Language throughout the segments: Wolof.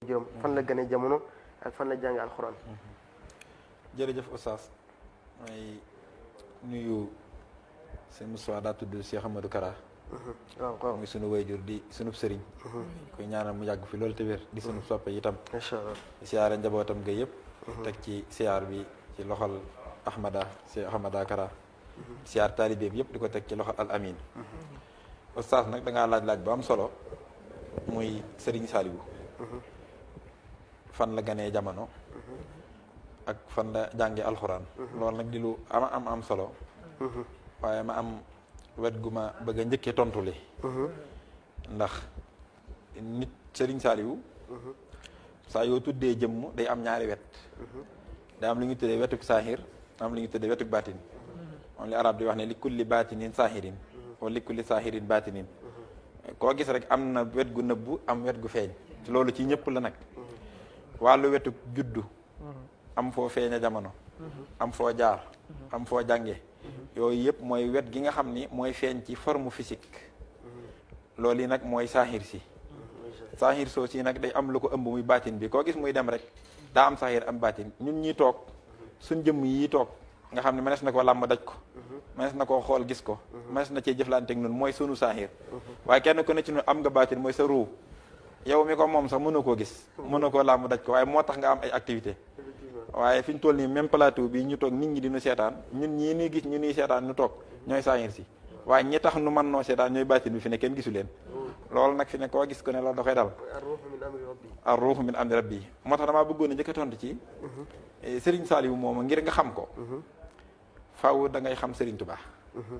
juróom fan la gane jamono ak fan la jàng alxuraan mhm. jërëjëf Oustaz may nuyu sëñ Moussa daa tudd Cheikh Amadou Kara mhm. waaw muy sunu wayjur di sunu sëriñ mhm. koy mu yàgg fi loolu te wér di sunu soppe siyaare njabootam ga yëpp teg ci siyaar bi ci loxol Ahmada Cheikh Ahmada Kara siyaar taalibeem yëpp di ko teg ci loxol al amin Oustaz nag da laaj-laaj bu am solo muy sëriñ Saliou fan la ganee jamono ak fan la jànge alxuraan loolu nag di lu ama am am solo waaye ma am wet gu ma bëgg a njëkkee tontu li ndax nit sëriñ Saaliwu saa yoo tuddee jëmm day am ñaari wet daa am lu ñu tuddee wetuk saahir am lu ñu tëdde wetuk baatin moom li arab di wax ne li kulli baatinin saahirin wala li kulli saahirin baatinin koo gis rek am na wet gu nëbbu am wet gu feeñ loolu ci ñëpp la nag wàllu wetu juddu. Mhm. am foo feeña jamono. Mhm. am foo jaar. Mhm. am foo jànge yooyu yëpp mooy wet gi nga xam ni mooy feeñ ci forme physique. loolu yi nag mooy saaxiir si. saaxiir soo si nag day am lu ko ëmb muy baatin bi ko gis muy dem rek daa am saaxiir am baatin ñun ñii toog suñ jëmm yii toog nga xam ne mënees na ko làmb daj ko. mënees na koo xool gis ko. mënees na cee jëflanteeg ñun mooy sunu saaxiir. waaye kenn ku ne ci am nga baatin mooy sa ruu. yow mi ko moom sax mën na koo gis mën na koo làmb daj ko waaye moo tax nga am ay activité waaye fi ñu toll nii même plateau bi ñu toog nit ñi di ñu seetaan ñun ñi nuy gis ñu nuy seetaan ñu toog ñooy saayir si waaye ñi tax nu mën noo seetaan ñooy baatin bi fi ne kenn gisu leen mm. loolu nag fi ne koo gis ku ne loolu da koy dal ar ruuxu min amri bi moo tax damaa bëggoon a njëkk a tontu ci mm-hmm. eh, Serigne Saliou moom ngir nga xam ko mm-hmm. faaw dangay xam sëriñ Touba mm-hmm.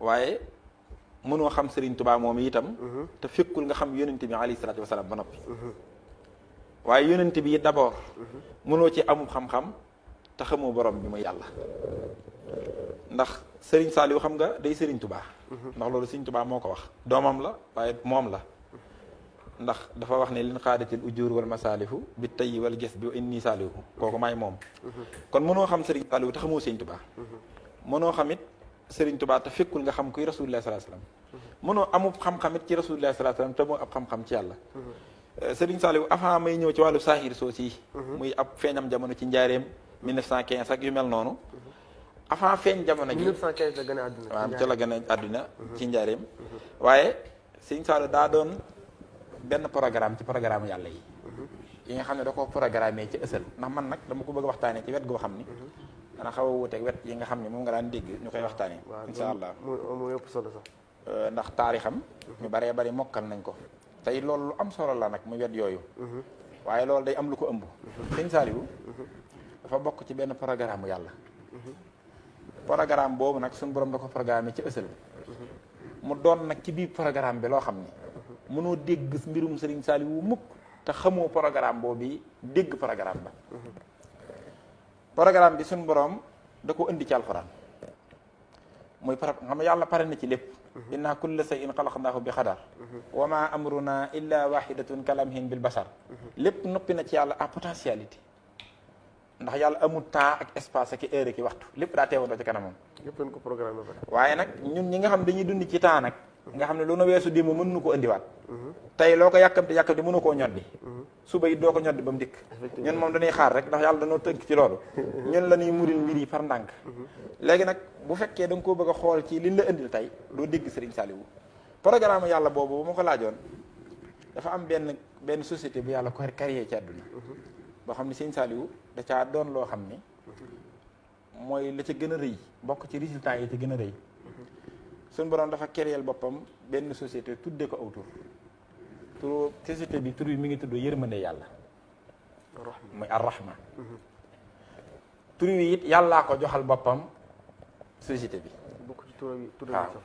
waaye mënoo xam Serigne Touba momi itam. te fekkul nga xam yonent bi alayhi salaatu wa salaam ba noppi. waaye yonent bi d'abord. mëno ci amu xam-xam te xamoo borom bi mooy yàlla. ndax Serigne Saliou xam nga day Serigne Touba. ndax lolu Serigne Touba moko wax. domam la waye mom la. ndax dafa wax ne lin qadatil ujur wal masaalihu bi tay wal ges bi inni saalihu kooku may mom kon mëno xam Serigne Saliou te xamoo Serigne Touba mëno xamit Sëriñ Tuubaa te fekkul nga xam kuy rasulullah salaa salaam mënoo amub xam-xamit ci rasulullah salaa salaam te moo ab xam-xam ci yàlla mhm. euh, Sëriñ Saliou avant may ñëw ci wàllu saahir soos yi mhm. muy ab feeñam jamono ci njaareem 1915 ak yu mel noonu mhm. avant feeñ jamono ji 1915 la gën a àdduna àdduna ci njaareem waaye Sëriñ Saliou daa doon benn programme ci programme yàlla yi yi nga xam ne da ko programmé ci ësal ndax man nag dama ko bëgg waxtaanee ci wet goo xam ni ana xaw wuté wét yi ya nga xam ne nga daan dégg ñukay koy inshallah mo mo yop solo sax. ndax taarixam. Mhm. ñu bari bari mokal nañ ko. tay loolu am solo la nag muy wet yooyu. Mhm. waye loolu day am lu ko ëmb. Mhm. sëñ Saliou. dafa bok ci ben programme yàlla. programme bobu nak suñu borom dako ko programme ci ësal mu doon nak ci bi programme bi lo xam mëno dégg mbirum Serigne Saliou mukk te xamoo programme bobu dégg programme ba. برنامج بي سون بروم داكو اندي تي القران موي فرا خما يالا بارنا تي ليب ان كل شيء خلقناه بقدر وما امرنا الا واحده كلمه بالبشر ليب نوبي نتي يالا ا بوتنسياليتي ndax yalla amul temps ak espace ak heure ak waxtu lepp da tewon do ci kanamam yep nañ ko programmer waye nak ñun ñi nga xam dañuy dund ci temps nak nga xam ne lu nu weesu démb mënuñu ko indiwaat tey loo ko yàkkamti yàkkamti mënu koo ñoddi suba it doo ko ñoddi ba mu dikk ñun moom dañuy xaar rek ndax yàlla dañoo tënk ci loolu ñun la ñuy muril mbir yi par ndànk mhm. léegi nag bu fekkee danga nga koo bëgg a xool ci liñ la indil tey doo dégg Serigne Saliou programme yàlla boobu bu ma ko laajoon dafa am benn benn société bu yàlla ko créé ci àdduna mhm. boo xam ne Serigne Saliou da caa doon loo xam ni mhm. mooy la ca gën rëy bokk ci résultat yi ca gën a rëy suñu borom dafa kéréel boppam benn société tudde ko aw tur tur bi tur bi mi ngi tudd yërmande yàlla mooy arrahma tur wi it yàllaa ko joxal boppam société bi waaw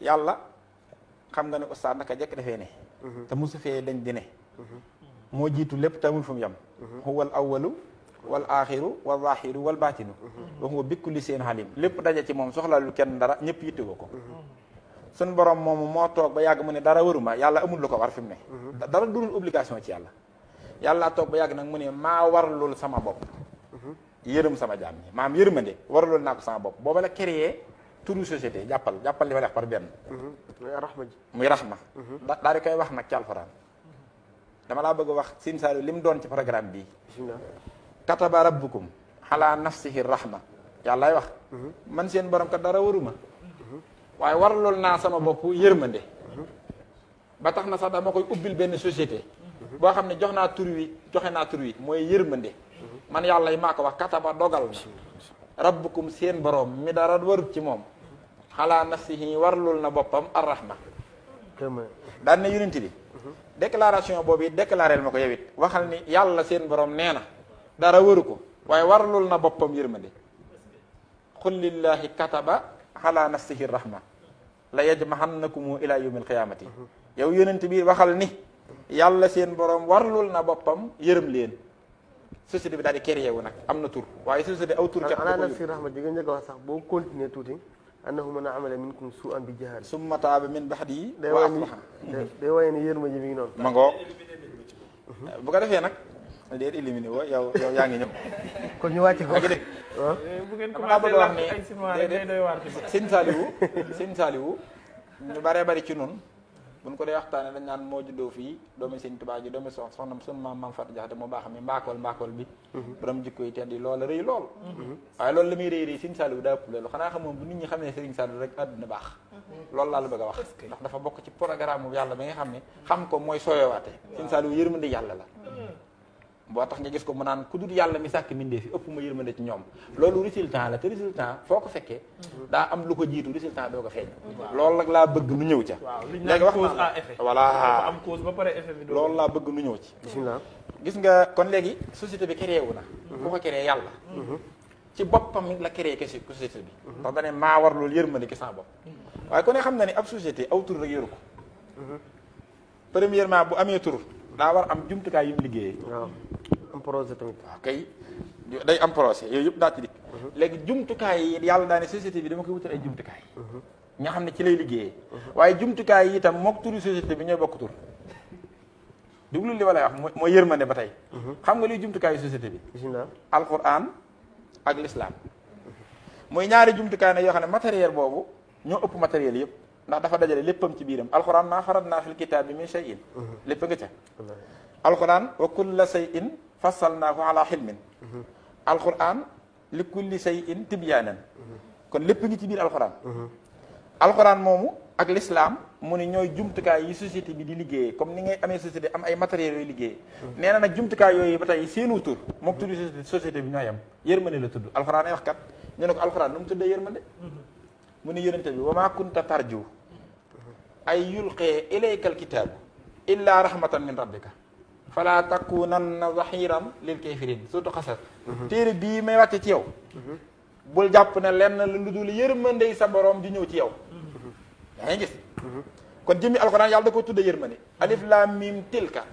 yàlla xam nga ne ustaad naka jekk defee ne mhm. te mosu fee dañ di ne mhm. moo jiitu lépp tamul fu mu yem mhm. huwa al wal aaxiru wal zaahiru wal baatinu mhm. wax nga bikku li seen xalim lépp daje ci moom soxla lu kenn dara ñëpp yittewoo ko mhm. suñ borom moomu moo toog ba yàgg mu ne dara waruma yàlla amul lu ko war fi ne mhm. dara dudul obligation ci yàlla yàlla toog ba yàgg nag mu ne maa warlul sama bopp yërëm sama jaam ñi maam yërëmande warlul naa ko sama bopp booba la créé turu société jàppal jàppal li ma wax par benn muy raxma ji di koy wax nag ci alxuraan dama laa bëgg wax Sëñ li mu doon ci programme bii kataba rabbukum ala nafsihi rahma yàllaay wax man seen borom kat dara waruma waaye waralool naa sama bopp yërmande ba tax na sax dama koy ubbil benn société boo xam ne jox naa tur wi joxe naa tur wi mooy yërmande man yàlla yi maa ko wax kataba dogal rabbukum seen borom mi dara warut ci moom ala nafsihi waralool na boppam arrahma daan na yonent bi déclaration boobu déclarel ma ko yow waxal ni yàlla seen borom nee na dara waru ko warlul na boppam yërmande qul lillahi kataba ala nafsihi rahma la yajmahannakum ila yawmil qiyamati yow yonent bi waxal ni yàlla seen borom warlul na boppam yërëm leen société bi daal di créé wu nag am na tur société aw tur. ca ala nafsi rahma ji nga wax sax boo continuer tuuti. annahu man amala minkum su'an bi jahaal. summa taaba min baxdi. day waay ni day waay ni yërma ji mi ngi noonu. ma ngoo bu ko defee déet éliminé woo yow yow yaa ngi ñëw. kon ñu wàcc ko. Ah. Eh, bu ngeen commencé wax ne ay simaare day doy waar ci sëñ Saliou ñu baree bari ci noonu buñ ko dee waxtaanee dañ naan moo juddoo fii doomi sëñ Tuubaa ji doomi sox soxnam sun maam maam Fatou Jaxate moo baax mi mbaakool mbaakool bi mhm. borom jikko yi tedd yi loola rëy lool mhm. waaye loolu la muy rëy rëy sëñ Saliou daa ëpp loolu xanaa xamoon bu nit ñi xam ne sëriñ Saliou rek àdduna baax mhm. loolu laa la bëgg a wax ndax dafa bokk ci programme bu yàlla bi nga xam ne xam ko mooy sooyowaate sëñ Saliou yërmande yàlla la boo tax nga gis ko mu naan ku dul yàlla mi sàkk mindee fi ëpp ma yërmande ci ñoom loolu résultat la te résultat foo ko fekkee daa am lu ko jiitu résultat doo ko feeñ loolu nag laa bëgg nu ñëw ca léegi wax cause à effet voilà am cause ba pare laa bëgg nu ñëw ci bismillah gis nga kon léegi société bi créé wu na ku ko créé yàlla mm-hmm. ci boppam la créé ke société bi mm-hmm. ndax dane maa war loolu yërmande ki sa bopp mm-hmm. waaye ko ne xam na ne ab société aw tur rek yoru ko premièrement bu amee tur daa war am jumtukaay yu mu liggéeyee. waaw am projet tamit. waaw kay day am projet yooyu yëpp daa ci dikk. Mhm. jumtukaay yi yàlla daa ne société bi dama koy wutal ay jumtukaay. nga mhm. xam ne ci lay liggéeyee. Mhm. waaye jumtukaay yi itam mook turu bi ñooy bokk tur. duglu li walay wax mooy ne ba tey. xam nga liy yu société bi. alquran ak lislaam mooy ñaari jumtukaay na yoo xam ne matériel boobu ñoo ëpp matériel yëpp. ndax dafa dajale leppam ci biram alquran ma faradna fil kitab min shay'in lepp nga ca alquran wa kullu shay'in fasalnahu ala hilmin alquran li kulli shay'in tibyanan kon lepp ngi ci bir alquran alquran momu ak l'islam mu ni ñoy jumtuka yi société bi di liggéeyee comme ni ngay amé société am ay matériel yooyu liggéeyee néna nak jumtuka yoy yooyu ba tey seenu tour mok tudd société bi ñoy am yermane la tudd alquran ay wax kat ñu nak alquran num tudde yermane mu ni yonent bi wa maa kunta tarju أي يلقي إليك الكتاب إلا رحمة من ربك فلا تكونن ظهيرا للكافرين سوت قصد تير بي ما واتي تيو بول جابنا لنا لن لودول يرمندي سا بروم دي نيو تيو ياغي غيس كون جيمي القران يالا داكو يرمني الف لام ميم تلك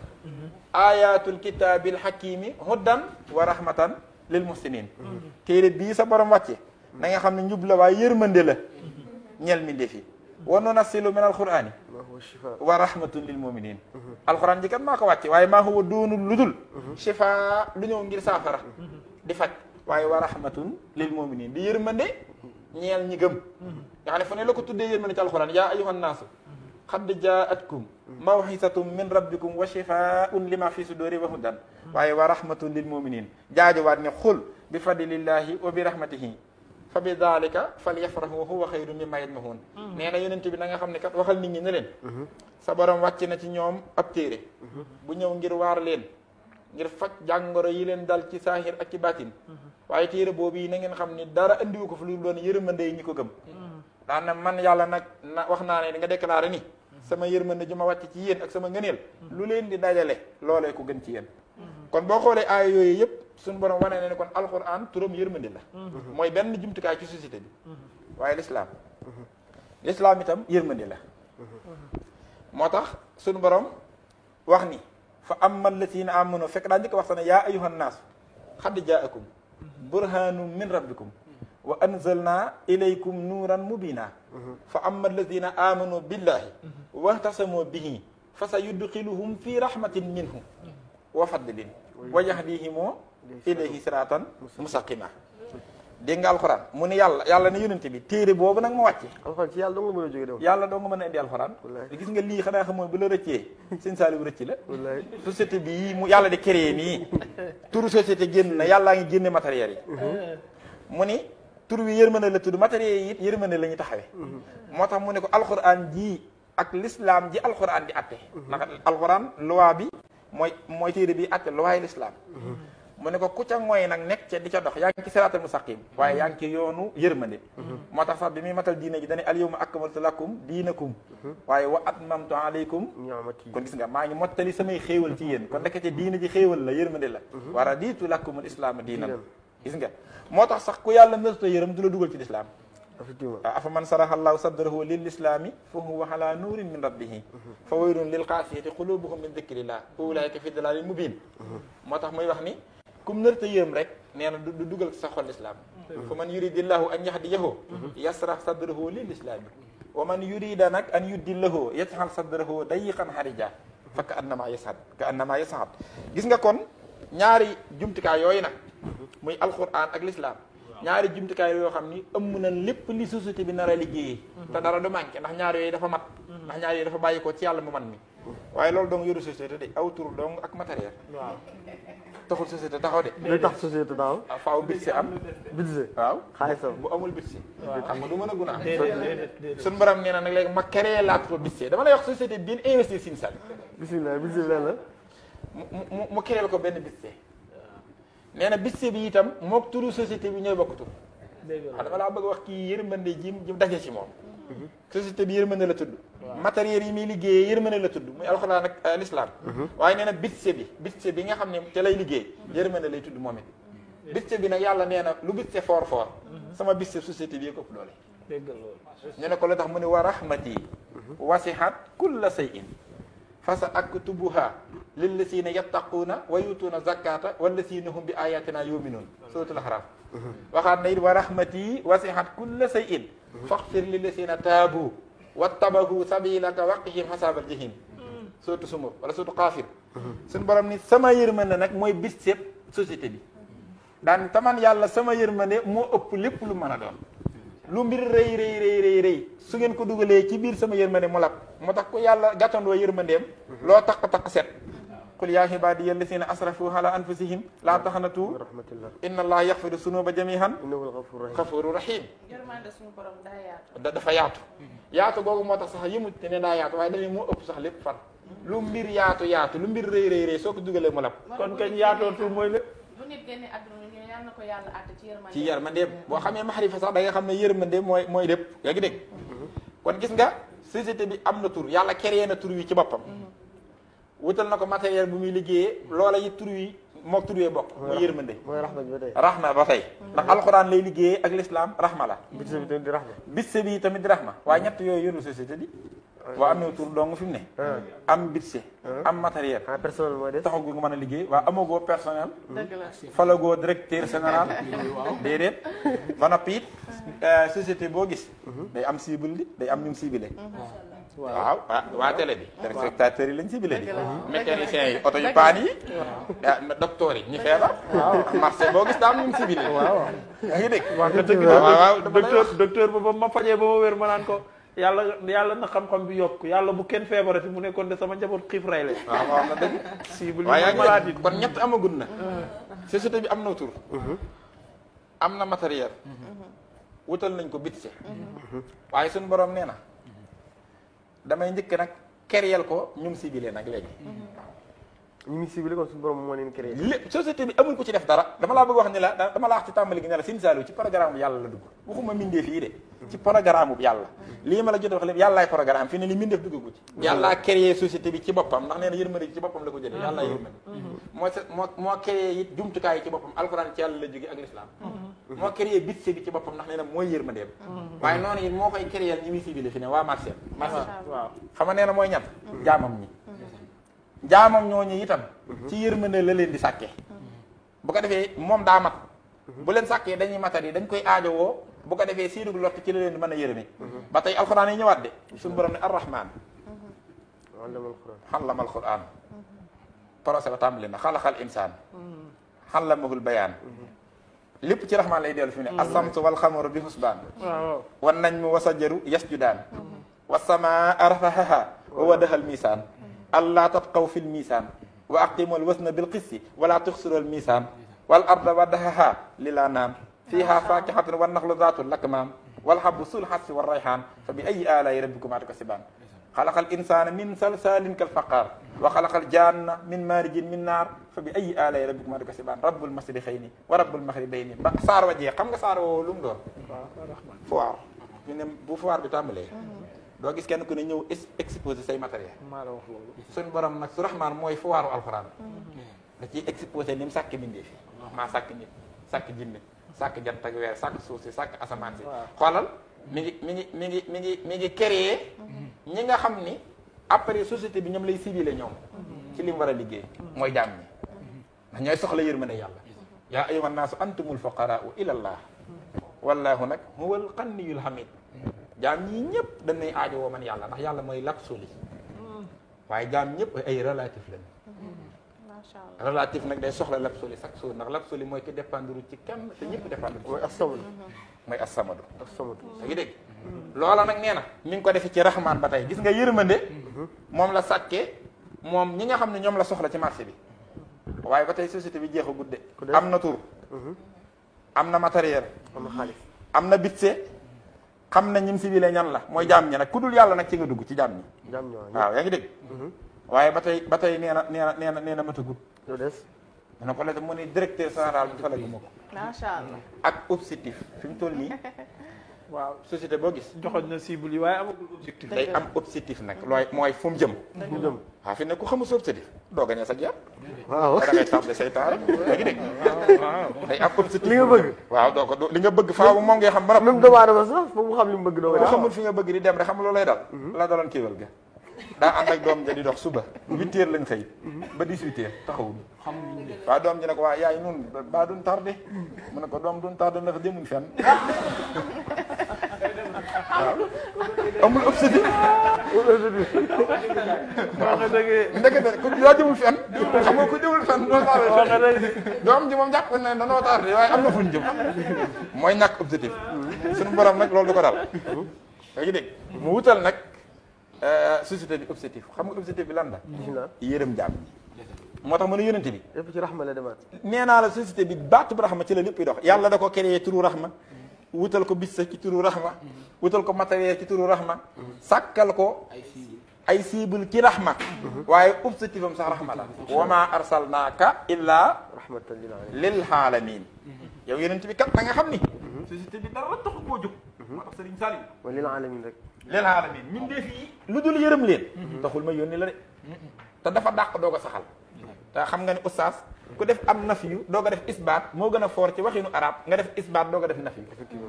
ايات الكتاب الحكيم هدى ورحمه للمسلمين تير بي سا بروم واتي ناغي خامني نيوبلا وا يرمندي لا نيل مي ديفي wa nunazzilu min alqurani wa rahmatun lil muminin alquran ji kat maa ko wàcce waaye maa huwa doonul ludul shifa du ñëw ngir saafara di faj waaye wa rahmatun lil muminin di yërmande ñeel ñi gëm nga xam ne fu ne la ko tuddee yërmande ci alquran yaa ayyuhan naasu qad jaatkum mawxisatum min rabbikum wa shifaun lima fi sudori wa hudan waaye wa rahmatun lil muminin jaajowaat ne xul bi fadlillahi wa bi rahmatihi fa bi dalika falyafrahu huwa khayrun mimma yajmahun neena na yonent bi na nga xam kat waxal nit ñi ne len mhm. sa borom wacc na ci ñoom ab téré mhm. bu ñew ngir war len ngir faj jangoro yi len dal ci sahir ak ci batin mhm. waye téré bobu yi na ngeen xam dara andi wuko fu lu doon yërmande yi ñiko gem da na man yalla nak wax na ne nga déclarer ni sama yërmande juma wacc ci yeen ak sama ngeenel lu len di dajale lolé ko gën ci yeen kon bo xolé ay yoy yëpp sun borom wane ne kon alxuraan turum yërmande la moy ben benn kay ci société bi waye l'islam l'islam itam yërmande la motax sun borom wax ni fa amma allatina amanu fek daa njëkk wax sana yaa ayuha nnaas xad jaakum burhanum min rabbikum wa anzalna ilaykum nuran mubina fa amma allatina amanu billahi wa tasamu bihi fa sayudkhiluhum fi rahmatin minhu wa fadlin wa yahdihimu ilayhi siratan mustaqima dégg nga alxuraan mu ni yàlla yàlla ne yonente bi téere boobu nag ma wàcce alxuraan ci yàlla doo nga mën a yàlla doo nga mën a indi alxuraan gis nga lii xanaa xamoon bu la rëccee seen saalibu rëcc la société bii mu yàlla di créé nii turu société génn na yàllaa ngi génne matériel yi mhm. mu ni tur wi yërmande la tudd matériel yi it yërmande la ñu taxawee mhm. moo tax mu ne ko alxuraan ji ak lislaam ji alxuraan di atte mhm. ndax alxuraan loi bi mooy mooy téere bi atte loi l'islam mu ne ko ku ca ngooy nag nekk ca di ca dox yaa ngi ci siraatal mustaqim waaye moo tax sax bi muy matal diine ji dane al yawma akmaltu lakum diinakum waaye wa atmamtu aleykum kon gis nga maa ngi mottali samay xéewal ci yéen kon nekk ca diine ji xéewal la yërmande la wa raditu lakumul islaama diinan gis nga moo tax sax ku yàlla mësuta yërëm du la dugal ci lislaam effectivement afa man saraha allahu sadrahu lil islami fa huwa ala nurin min rabbihi fa waylun lil qaasiyati qulubuhum min dikrillah ulaika fi dalalin mubin moo tax muy wax ni kum nërta yéem rek nee na du dugal sa xol lislaam fa man yuridillahu an yahdiyahu yasrah sadrahu lil islami wa man yurida nag an yuddillahu yajhal sadrahu dayiqan harija fa ka annama yasad ka annama yasad gis nga kon ñaari jumtukaay yooyu nag muy alquran ak lislaam ñaari jumtukaay yoo xam ni ëmm na lépp li société bi nar a liggéeyee te dara du manqué ndax ñaar yooyu dafa mat ndax ñaar yooyu dafa bàyyi ko ci yàlla mu man mi waaye taxul société taxaw de. day tax société taxaw. ah aw bitse am. bitse waaw xaalisam bu amul bitse. waaw xam nga du mën a gunaan. suñu borom nee na nag léegi ma créé laa ko bitse dama lay wax société bi investir Sine Sall. bisimilah bisimilah la. mu mu mu créé ko benn bitse. nee na bitse bi itam moog turu société bi ñooy bokk tur. Ah, dama laa bëgg wax kii yërmande ji ji daje ci moom. Mhm. société bi yërmande la tudd. matériel yi mi liggéey yermane la tudd muy alxuraan ak l'islam waaye nee na bitse bi bitse bi nga xam ne ca lay liggéey yermane lay tudd moom it bitse bi nag yàlla nee na lu bitse foor foor sama bitse société bi ko ëpp doole ñu ne ko la tax mu ne wa rahmati wasihat kulla shay'in fa sa aktubuha lillazina yattaquuna wa yutuuna zakata wallazina hum bi ayatina yuminuun suratul ahraaf waxaat na it wa rahmati wasihat kulla shay'in faxfir lillazina taabu wat wattabahu sabilaka waqihim xasaabal jahim mm. surtout sumur wala surtout xaafir suñ borom ni sama yërmande nag mooy bis sépp société bi daan taman yàlla sama yërmande moo ëpp lépp lu mën a doon lu mbir rëy rëy rëy rëy rëy su ngeen ko dugalee ci biir sama yërmande mu lap moo tax ku yàlla gàttandoo yërmandeem mm-hmm. loo taq taq set قل يا عبادي الذين اسرفوا على انفسهم لا نعم. تخنتوا رحمه الله ان الله يغفر الذنوب جميعا انه الغفور الرحيم غفور رحيم يرمان سونو ياتو غوغو موتا صح يمو تي ياتو واي دامي مو اوب صح ليب فار لو مير ياتو ياتو لو مير ري ري ري سوكو دوغالي مولاب كون كان ياتو تول موي لو نيت ген ادرو ني يال نكو يال ات تي يرمان تي يرمان بو خامي محريفه صح داغي خامي يرمان موي موي ديب ياغي ديك كون غيس نغا بي امنا تور يالا كريينا تور وي سي بوبام wutal na ko matériel bu muy liggéeyee loola yi tur wi mook tur wee bokk mu yërmande mooy raxma bi ba tey raxma ba tey mm. ndax alxuraan lay liggéeyee ak lislaam raxma la bisse bi tamit di raxma bisse bi tamit di raxma waaye ñett yooyu yoru société di waa amee tur dong fi mu ne am budget am matériel ah, taxu gu nga man a liggéey waa amagoo personnel mm. falagoo directeur général déedéet ba noppi it euh, société boo gis mm-hmm. day am cible di day am ñum ciblé mm-hmm. waaw waa télé bi. téléspectateurs yi lañ si bile di. mécaniciens yi oto yu paan yi. Ah, docteur yi ñu feebar. waaw marché boo gis daal ñu ngi si bile. waaw yaa ngi dégg. waaw waaw docteur docteur ba ma fajee ba ma ma naan ko. yàlla yàlla na xam bi yokk yàlla bu kenn feebarati mu nekkoon de sama njaboot xiif rey leen. waaw waaw kon ñett amagut na. bi am na tur. Mhm. am na matériel. Mhm. wutal nañ ko bitise. Mhm. waaye suñu boroom nee na. damay njëkk nag keryel ko ñum ciblé nag léegi mhm. ñi muy ciblé kon suñu borom moo leen créé. lépp société bi amuñ ko ci def dara dama laa bëgg wax ne la dama laa wax ci tàmbali gi la Sëñ ci programme bu yàlla la dugg waxuma mbindeef yi de mm-hmm. ci programme bu yàlla lii ma la jot a wax lépp yàllaay programme fii ne li mbindeef duggagu ci mm-hmm. yàllaa mm-hmm. moo moo moo créé ci boppam alxuraan ci yàlla la jóge ak moo créé bitse bi ci boppam ndax nee na mooy yërmandeem waaye noonu it moo koy créé ñi muy ciblé fi ne jaamam ñooñu itam mhm. ci yërmande la leen di sàkke bu ko defee moom daa mat mhm. bu leen sàkkee dañuy matal yi dañ koy aajo bu ko defee siinug lott ci la leen di mën a yërëme mhm. ba tey alxuraan yi ñëwaat de suñu borom ne arrahman xallamal alxuraan procès ba tàmbali na xalaxal insaan xallamahul bayaan lépp ci raxmaan lay dellu fi mu ne assamtu wal xamaru bi husbaan wan nañ mu wasajaru yasjudaan wasamaa rafahaha wa wadahal misaan ألا تبقوا في الميزان وأقيموا الوزن بالقسط ولا تخسروا الميزان والأرض ودهها للأنام فيها فاكهة والنخل ذات الأكمام والحب ذو الحس والريحان فبأي آلاء ربكما تكسبان خلق الإنسان من صلصال كالفقار وخلق الجان من مارج من نار فبأي آلاء ربكما تكسبان رب المشرقين ورب المغربين صار وجهي كم صار لوم دور فوار يعني بوفوار بتعمل ايه doo gis kenn ku ne ñëw exposé say matériel maa la wax loolu suñ borom nag su raxmaan mooy fu waaru alxuraan mm-hmm. da ciy exposé ni mu sàkk bindee fi maa sàkk nit sàkk jinne sàkk jant ak weer sàkk suuf si sàkk asamaan si xoolal mi ngi mi ngi mi ngi mi ngi mi ngi créé mm-hmm. ñi nga xam ni après société bi ñoom lay civilé ñoom mm-hmm. ci li mu war a liggéey mooy jaam ñi ndax ñooy soxla yërmande yàlla yaa naa naasu antumul fuqaraa ilallah wallaahu nag huwal ghaniyyul hamiid jaam ñi ñëpp dañ nay aajo wooman yàlla ndax yàlla mooy l'absolu waaye jaam ñëpp ay relatif lañ macha allah relatif nag day soxla l'absolu chaque jour ndax soli mooy ki dépendre ci kenn te ñëpp dépendre mooy assamadu mm-hmm. mooy assamadu assamadu da mm-hmm. ngi dégg mm-hmm. loola nag nee na mi ngi ko defee ci rahmaan ba tey gis nga yërmande moom la sàkkee moom ñi nga xam ne ñoom la soxla ci marché bi waaye ba tey société bi jeex a gudde am na tur am na matériel am am na bitse xam na ñim ciblé ñan la mooy jaam ñi nag ku dul yàlla nag ci nga dugg ci jaam ñi waaw yaa ngi dégg mhm. waaye ba tey ba tey nee na nee na nee na nee na matagul lu des dana ko la mu ne directeur général bi fa la gu ak objectif fi mu toll nii waaw société boo gis. joxoon na cible yi waaye amagul objectif. day am objectif nag looy mooy fu mu jëm. fu mu jëm waaw fi ne ku xamul sa objectif doo gañe sa jaar. da ngay li nga waaw doo ko li nga bëgg faaw moom ngay xam. ba même doomu aadama xam bëgg doo ko. waaw xamul fi bëgg di dem rek xam nga loolu lay mhm. la daloon kéwél ga. daa ànd ak doom ja di dox suba mhm. huit heures lañ xëy mhm. ba dix-huit heures taxawuñu waaw doom ji ko waa yaay nun baa duñ tardé mu ne ko doom duñ tardé ndax demuñ fenn amul obsédé ndekete ku laa jëmul fenn xam nga ku jëmul fenn doo tardé doom ji moom jàpp na ne danoo tardé waaye am na fu ñu jëm mooy ñàkk objectif suñu borom nag loolu du ko dal da ngi mu wutal nag euh, société bi objectif xam nga objectif bi lan la yërëm jaam moo tax mën a yónente bi lépp ci raxma la demaat nee naa la société bi baatu bu raxma ci la lépp dox yàlla da ko créé turu raxma wutal ko bisse ci turu rahma wutal ko matériel ci turu rahma sàkkal ko ay cible ci rahma waaye objectif am sax rahma la wa ma arsalnaaka illaa rahmatan lil alamin yow yonent bi kat na nga xam ni société bi dara taxu koo jóg moo tax sëriñ Salim wa lil alamin rek lil alamin min lu dul yërëm leen taxul ma yónni la de te dafa dàq doog a saxal te xam nga ni oustaz ku def am nafiyu doog a def isbaat moo gën a foor ci waxinu arab nga def isbaat doog a def nafiyu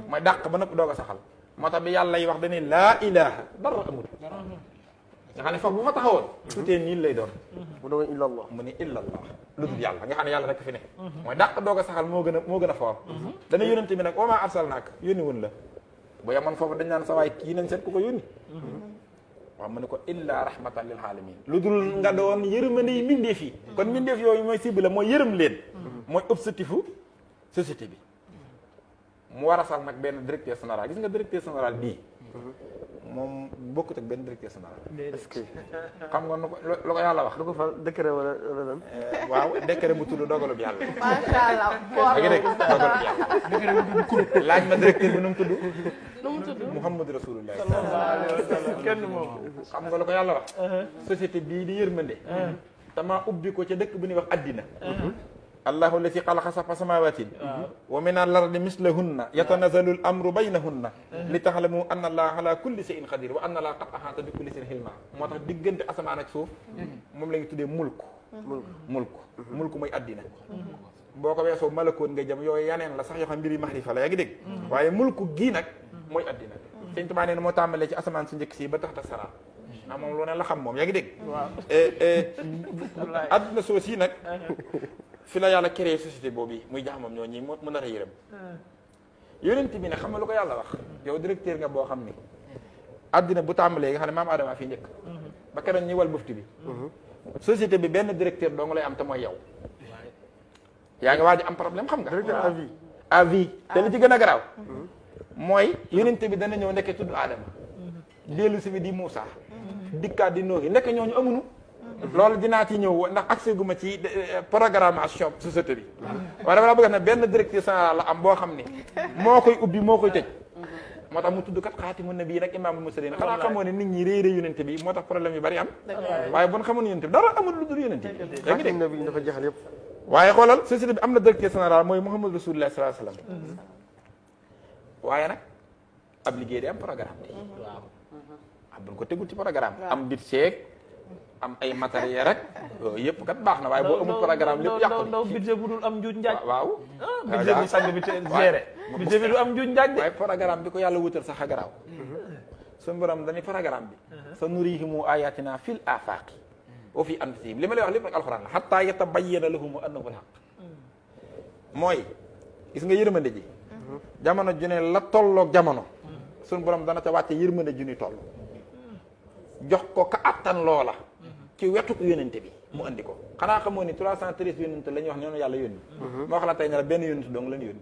mooy dàq ba nag doog a saxal moo tax bi yàlla yi wax dañuy laa ilaha dara amul nga xam ne foofu bu fa taxawoon tuutee mhm. nii lay doon mu a illallah mu ne illallah lu dul mhm. yàlla nga xam ne yàlla rek fi ne mhm. mooy dàq doog a saxal moo gën a moo gën a foor dana yónente bi nag wama arsal naak yónni wun la bu yemoon foofu dañ naan sa kii nañ seet ku ko yónni waaw ma ne ko illa rahmatan lil alamin lu dul nga doon yërmande yi mbindeef yi mm. kon mbindeef yooyu mooy cible la mooy yërëm leen mm. mooy objectif u bi mm. mu war a sax nag benn directeur général gis nga directeur général bii moom bokkut ak benn directeur général. est xam nga nu ko lu ko yàlla wax. lu ko fal décret wala eh, waaw décret bu tudd dogalub yàlla. macha allah fort la dogalub yàlla. décret bu tudd kuréel. laaj ma directeur bi nu mu Muhammadu Rasulullah. kenn moom. xam nga lu ko yàlla wax. Uh-huh. société bii di yërmande. Uh-huh. dama ubbi ko ca dëkk bu ñuy wax addina. Uh-huh. allahu alladi xalaqa sab'a samaawatin wa min al-ardi mislahunna yatanazalu al-amru baynahunna li taxlamu anna allaha ala kulli shay'in qadir wa anna allaha qad ahata bi kulli shay'in ilma moo tax diggante asamaan ak suuf moom la ñu tuddee mulk mulk mulk mhm. mooy addina mhm. boo ko weesoo malakoon nga jëm yooyu yaneen la sax yoo xam mbiri maxrifa la yaa ngi dégg mhm. waaye mulk gii nag mooy addina sëñ Tuubaa nee na moo tàmbalee ci asamaan su njëkk si ba tax ta sara ndax moom lu ne la xam moom yaa ngi dégg eh, eh, addina soo si nag uh-huh. fi la yàlla créé société boobu muy jaxamam ñoo ñi mu nar a yërëm yonent bi ne xam nga lu ko yàlla wax yow directeur nga boo xam ni àddina bu tàmbalee nga xam ne maam Adama fi njëkk ba keroog ñuy wal bufti bi société bi benn directeur doo nga lay am te mooy yow yaa ngi waaj am problème xam nga directeur à vie à vie te li ci gën a garaaw mooy yonent bi dana ñëw nekk tudd Adama dellu si bi di Moussa dikkaat di Noohi nekk ñooñu amuñu loolu dinaa ci ñëw ndax accès gu ma ci euh, programmation société bi. waaye bëgg ne benn directeur général la am boo xam ni moo koy ubbi moo koy tëj. moo tax mu tudd kat xaatimu nabi nag imaamul mursaliin xanaa xamoo ne nit ñi réy réy yonente bi moo tax problème yu waaye bon xamoon yonente bi dara amul lu dul yonente bi. yaa ngi dégg dafa xoolal société am na directeur général mooy Muhammad Rasulullah sallallahu alayhi mm-hmm. waaye nag ab liggéey day am programme. Mm-hmm. waaw buñ ko tegul ci programme. am bit seeg. am ay matériel rek yooyu kat baax na waaye boo amul programme lépp yàqu ndaw budget bu dul am njuuj njaaj waaw ah, budget bu sang bi te géré budget bi du am njuuj njaaj de waaye programme bi ko yàlla wutal sax a garaaw mm-hmm. suñu borom dañuy programme bi mm-hmm. sa nurihimu ayatina fil afaqi wa fi anfusihim li ma lay wax lépp nag alxuraan la xataa yatabayyana lahum annahu alxaq mm. mooy gis nga yërmande ji mm-hmm. jamono ju la tolloog jamono mm. suñu borom dana ca wàcce yërmande ju ni toll mm. jox ko ka attan loola ci wetu yónente bi mu andi ko xanaa xamoo ni trois cent treize yónente la wax noonu yàlla yónni mhm. moo wax la tey ne la benn yónente dong la ñu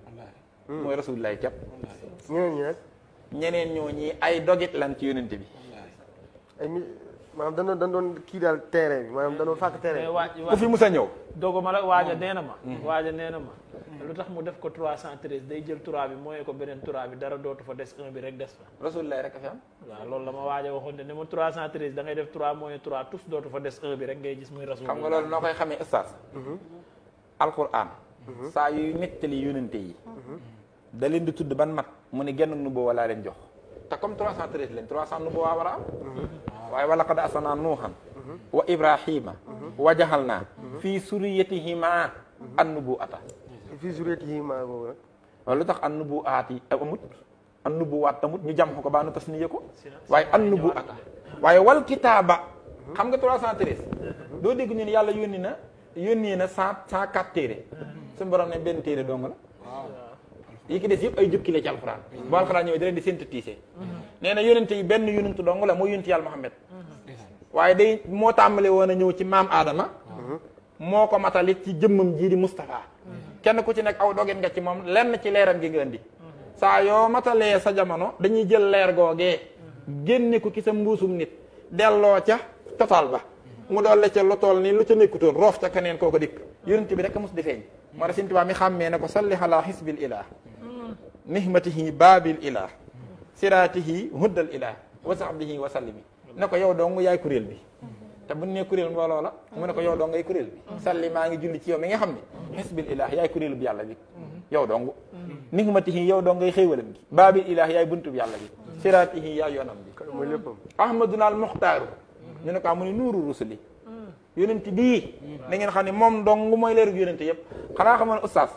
mhm. mooy rasulilaay cap ñeneen ñoo ñi ay dogit lan ci yónente bi maanaam dañu dañu doon kii daal terrain bi maanaam dañu doon fàkk terrain bi ku fi musa ñëw dogu ma la waaja mm. nee na ma mm-hmm. waaja nee ma lu tax mu def ko 313 day jël trois bi mooyee ko beneen trois bi dara dootu fa des un bi rek des fa rasulullah rek loolu la ma waaja waxoon ne ma 313 da ngay def trois mooyee trois tous dootu fa des un bi rek ngay gis muy rasul xam nga loolu noo koy xamee ustaas mm-hmm. alquran mm-hmm. saa yuy nettali yonente yi da leen di tudd ban mat mu ne genn nu boo walaa leen jox te comme 313 lañ 300 nu boo waa war a waaye wa laqad arsalnaa nuuhan wa ibrahima wa naa fii suriyatihima an ata fii suriyatihima boobu nag lu tax an nubuwaat yi amut an nubuwaat amut ñu jam ko baa nu tas niye ko waaye an nubuwata waaye wal kitaaba xam nga 313 doo dégg ñu ne yàlla yónni na yónnee na saa cent quatre téere suñu borom ne benn téere dong la yi ki des yëpp ay jukki la ci alxuraan bu ñëwee da leen di synthétiser nee na yonent yi benn yonent dong la mooy yonent yàlla Muhammad waaye day moo tàmbale woon a ñëw ci maam Adama. moo ko matalit ci jëmmam jii di Moustapha. kenn ku ci nekk aw dogin nga ci moom lenn ci leeram gi nga indi. saa yoo matalee sa jamono dañuy jël leer googee. génne ko ki sa mbuusum nit. delloo ca total ba. mu doole ca lu tool ni lu ca nekkutoon roof ca keneen kooku dikk. yonent bi rek mos di feeñ. moo tax Sëñ Tuubaa mi xàmmee ne ko salli ala xisbil ilaah. siraatihi huddal ilah wa sahbihi wa sallimi na ko yow dong yaay kuréel bi te bu ne kuréel mbooloo la mu ne ko yow dong ngay kuréel bi salli maa ngi julli ci yow mi nga xam ne xisbil ilah yaay kuréel bi yàlla bi yow dong nixmatihi yow dong ngay xéewalam gi baabil ilah yaay buntu bi yàlla bi siraatihi yaay yoonam bi ahmaduna al muxtaaru ñu ne ko mu ne nuuru rusuli yonent bii na ngeen xam ne moom dong mooy leeru yonent yëpp xanaa xam ne ustaas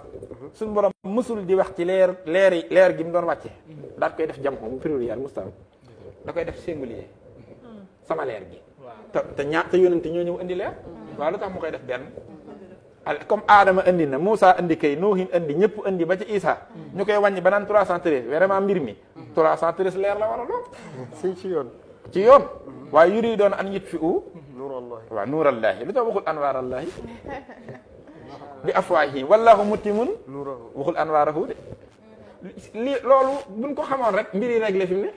suñu borom mësul di wax ci leer leer leer gi mu doon wàcce daat koy def jam ko mu pluriel mustaw da koy def singulier sama leer gi te te ñaa te yónente ñoo ñëw indi leer waaw lu tax mu koy def benn comme Adama indi na Moussa indi kay Noohin indi ñëpp indi ba ci Isa ñu koy wàññi ba naan 313 vraiment mbir mi 313 leer la war a doon. si ci yoon. ci yoon. waaye yuri doon an yit fi u. nuurallahi waaw nuurallahi lu tax waxul anwaarallahi bi afwaahihim wallaahu mutimmun nuurihi waxul anwaarahu de li loolu nu ko xamoon rek mbir yi réglé fi mu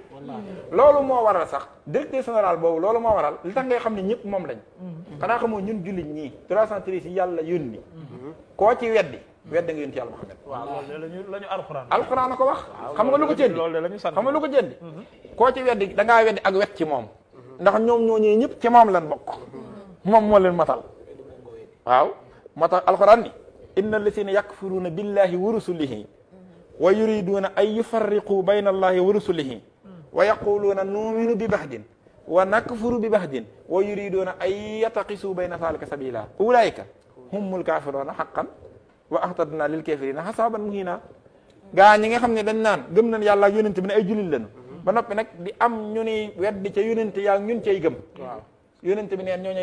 loolu moo waral sax directeur général boobu loolu moo waral li tax ngay xam ne ñëpp moom lañ mhm. xanaa xamoo ñun jullit ñii trois cent treize yi yàlla yónni mhm. koo ci weddi weddi nga yónni yàlla Muhammad waaw loolu la ñu alxuraan alxuraan a ko wax xam nga lu ko jëndi loolu la ñu sant xam nga lu ko jëndi mhm. koo ci weddi da ngaa weddi ak wet ci moom ndax ñoom ñoo ñëwee ñëpp ci moom lan bokk moom moo leen matal waaw مات القرآن إن الذين يكفرون بالله ورسله ويريدون أن يفرقوا بين الله ورسله ويقولون نؤمن ببهد ونكفر ببهد ويريدون أن يتقسوا بين ذلك سبيلا أولئك هم الكافرون حقا وأهتدنا للكافرين حسابا مهينا gaani nga xamne dañ naan gëm nañ yalla yonent bi ne ay julil lañu ba nopi nak di am ñu ni wedd ci yonent yaa ñun cey gëm waaw yonent bi neen ñoo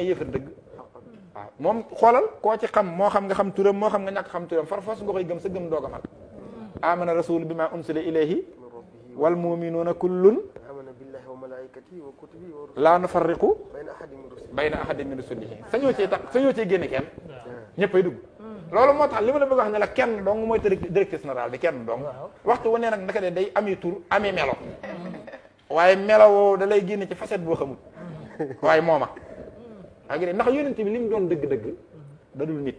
waaw moom xoolal koo ci xam moo xam nga xam turam moo xam nga ñàkk xam turam far fas nga koy gëm sa gëm doog a fal amana rasul bi ma unsila ilayhi wal muminuuna kullun laa nufarriqu bayna ahadin min rusulihi sañoo cee tax sañoo cee génne kenn ñëpp ay dugg loolu moo tax li ma la bëgg wax ne la kenn dong mooy directeur général bi kenn dong waxtu wu ne nag naka de day amee tur amee melo waaye melo woo da lay génne ci facette boo xamul mm-hmm. waaye mooma ak yeneen ndax yonent bi li mu doon dëgg-dëgg da nit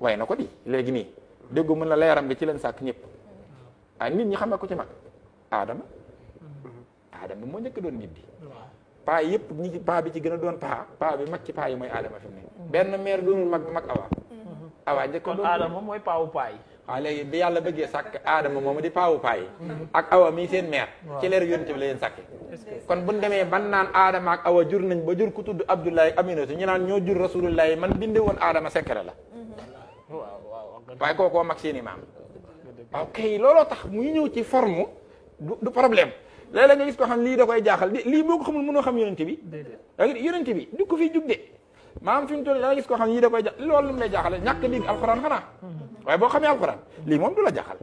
waaye na ko di léegi nii déggu mën na leeram bi ci leen sàkk ñëpp ah nit ñi xamee ko ci mag aadama mm-hmm. aadama moo njëkk doon nit bi paa yëpp ñi paa bi ci gën a doon paa paa bi mag ci paa yi mooy aadama fi mu ne mm-hmm. benn meer doonul mag mag awaa awaa njëkk doon aadama mooy paawu paa yi lay bi yàlla bëggee sàkk aadama ah, moomu di paawu pay ak awa mi seen mère ci leer yoonte bi la leen sàkke kon buñ démé ban naan aadama ah, ak awa jur nañ ba jur ku tuddu abdoulaye aminatu ñu naan ñoo jur rasulullahi man bindé won aadama secret la waaye kookoo mak seen imam ok lolo tax muy ñew ci forme du problème léeg-léeg nga gis ko xam li da koy jaaxal li moko xamul mëno xam yoonte bi yoonte bi du ko fi jug dé maam fi mu toll da gis koo xam ne yii da koy ja loolu lum lay jaaxale ñàkk a dégg alxuraan xanaa waaye boo xamee alxuraan lii moom du la jaaxal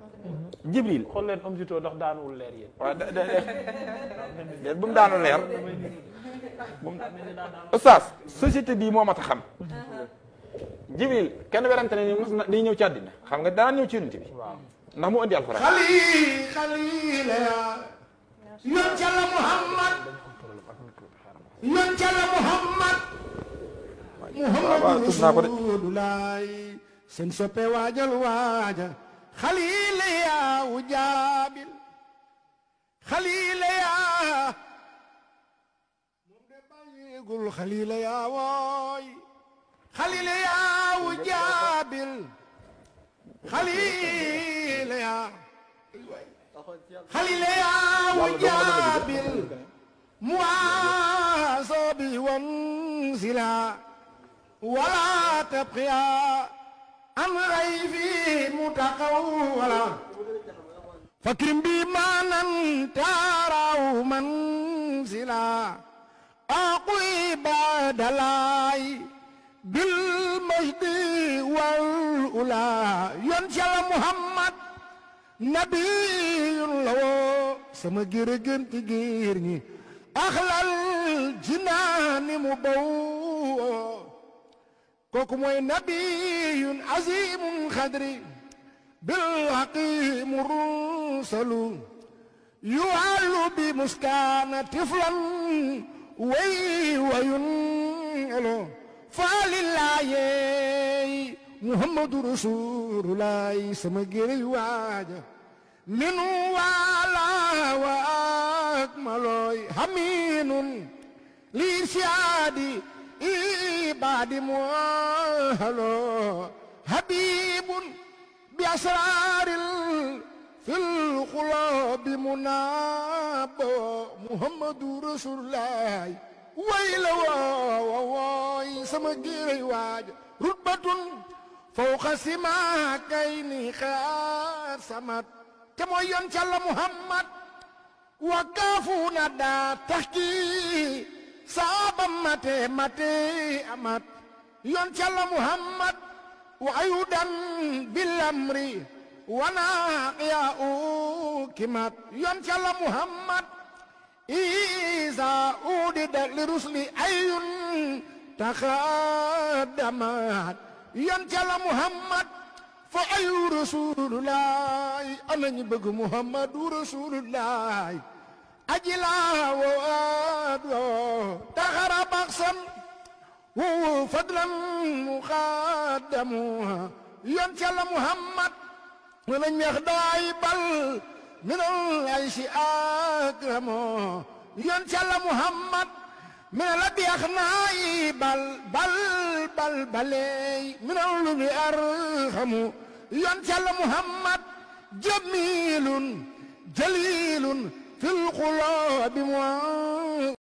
jibril xool leen am jito ndax daanuwul leer yéen waaw de bu mu daanu leer bumu oustaz société bii moo mat a xam jibril kenn werante ne ni mos na day ñëw ci àddina xam nga daan ñëw ci yonent bi ndax mu indi alxuraan xali xalila yon càlla muhammad yon càlla muhammad muhammadu rasulullahi seen soppe waajal waaja xaliil yaa wu jaabil xaliil yaa moom de bàyyeegul xaliil yaa wooy xaliil yaa wu jaabil xaliil yaa xaliil yaa wu jaabil muwaaso bi wan silaa ولا تبقيا عن غيبي متقولا فكرم بما تراه منزلا أقوي بدلاي بالمجد والأولى ينشل محمد نبي الله سما غير جنت غيرني أخلال جناني مبوه kooku mooy nabiyun azimun xadri bilhaqi mursalu yuwàllu bi muskaana tiflan way wayun elo falillaaye muhammadu rasululaay sama géréy waaja minu waala wa ak malooy haminun li siyaadi ibadi mu halo habibun fil qulubi munab muhammadur rasulullah wa wa wa sama gerai waj rubatun fawqa sima muhammad wa kafuna Sabam mate mate amat yon ci muhammad wa ayudan bil amri wa naqiya kimat yon ci muhammad isa udida li rusli ayun takadamat yon ci muhammad fa ayu rasulullahi ana ñu muhammadu أجلا وآدو دخر بقسم وفضلا مقدم ينسل محمد ولن يخدعي بل من العيش أكرم ينسل محمد من الذي أخناي بل بل بل بل من الذي أرحم ينسل محمد جميل جليل في القلوب